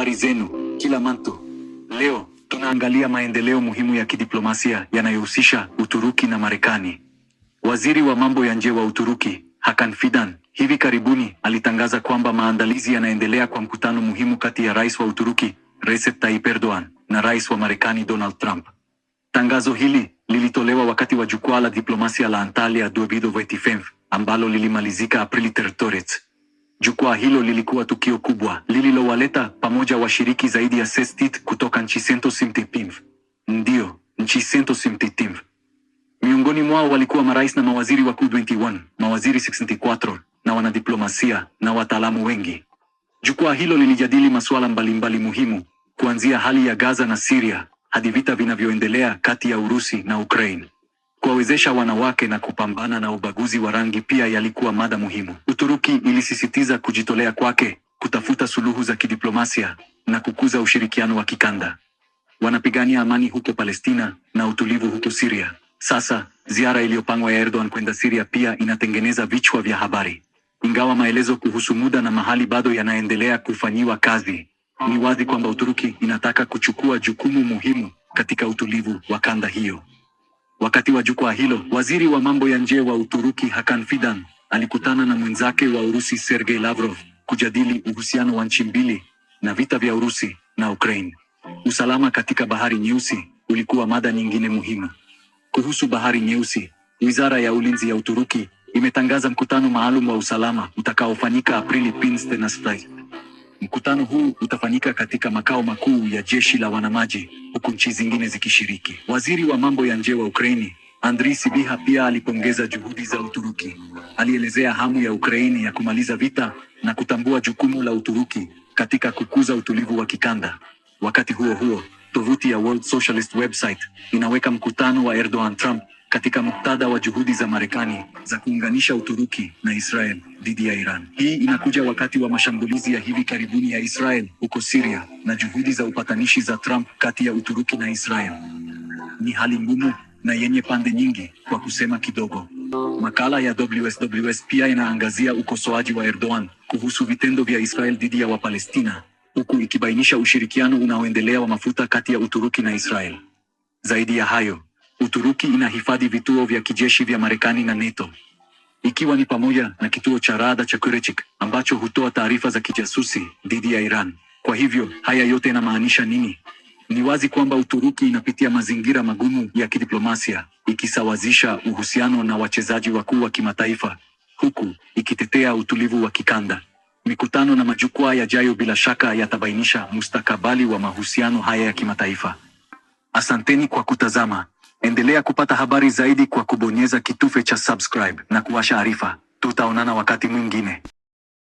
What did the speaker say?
habari zenu kila mantu. Leo tunaangalia maendeleo muhimu ya kidiplomasia yanayohusisha Uturuki na Marekani. Waziri wa mambo ya nje wa Uturuki Hakan Fidan hivi karibuni alitangaza kwamba maandalizi yanaendelea kwa mkutano muhimu kati ya rais wa Uturuki Recep Tayyip Erdogan na rais wa Marekani Donald Trump. Tangazo hili lilitolewa wakati wa jukwaa la diplomasia la Antalya 2025 ambalo lilimalizika Aprili 3. Jukwaa hilo lilikuwa tukio kubwa lililowaleta pamoja washiriki zaidi ya sestit kutoka nchi sento simtipimv, ndio nchi sento simtipimv. Miongoni mwao walikuwa marais na mawaziri wakuu 21, mawaziri 64 na wanadiplomasia na wataalamu wengi. Jukwaa hilo lilijadili masuala mbalimbali muhimu, kuanzia hali ya Gaza na Siria hadi vita vinavyoendelea kati ya Urusi na Ukraine kuwawezesha wanawake na kupambana na ubaguzi wa rangi pia yalikuwa mada muhimu. Uturuki ilisisitiza kujitolea kwake kutafuta suluhu za kidiplomasia na kukuza ushirikiano wa kikanda. Wanapigania amani huko Palestina na utulivu huko Siria. Sasa ziara iliyopangwa ya Erdogan kwenda Siria pia inatengeneza vichwa vya habari, ingawa maelezo kuhusu muda na mahali bado yanaendelea kufanyiwa kazi. Ni wazi kwamba Uturuki inataka kuchukua jukumu muhimu katika utulivu wa kanda hiyo. Wakati wa jukwaa hilo, waziri wa mambo ya nje wa Uturuki Hakan Fidan alikutana na mwenzake wa Urusi Sergei Lavrov kujadili uhusiano wa nchi mbili na vita vya Urusi na Ukraine. Usalama katika Bahari Nyeusi ulikuwa mada nyingine muhimu. Kuhusu Bahari Nyeusi, Wizara ya Ulinzi ya Uturuki imetangaza mkutano maalum wa usalama utakaofanyika Aprili pinste na Mkutano huu utafanyika katika makao makuu ya jeshi la wanamaji huku nchi zingine zikishiriki. Waziri wa mambo ya nje wa Ukraini Andrii Sibiha pia alipongeza juhudi za Uturuki. Alielezea hamu ya Ukraini ya kumaliza vita na kutambua jukumu la Uturuki katika kukuza utulivu wa kikanda. Wakati huo huo, tovuti ya World Socialist website inaweka mkutano wa Erdogan Trump katika muktadha wa juhudi za Marekani za kuunganisha Uturuki na Israel dhidi ya Iran. Hii inakuja wakati wa mashambulizi ya hivi karibuni ya Israel huko Syria na juhudi za upatanishi za Trump kati ya Uturuki na Israel. Ni hali ngumu na yenye pande nyingi kwa kusema kidogo. Makala ya WSWS pia inaangazia ukosoaji wa Erdogan kuhusu vitendo vya Israel dhidi ya Wapalestina huku ikibainisha ushirikiano unaoendelea wa mafuta kati ya Uturuki na Israel. Zaidi ya hayo, Uturuki inahifadhi vituo vya kijeshi vya Marekani na NATO, ikiwa ni pamoja na kituo cha rada cha Kurechik ambacho hutoa taarifa za kijasusi dhidi ya Iran. Kwa hivyo haya yote yanamaanisha nini? Ni wazi kwamba Uturuki inapitia mazingira magumu ya kidiplomasia, ikisawazisha uhusiano na wachezaji wakuu wa kimataifa, huku ikitetea utulivu wa kikanda. Mikutano na majukwaa yajayo bila shaka yatabainisha mustakabali wa mahusiano haya ya kimataifa. Asanteni kwa kutazama. Endelea kupata habari zaidi kwa kubonyeza kitufe cha subscribe na kuwasha arifa. Tutaonana wakati mwingine.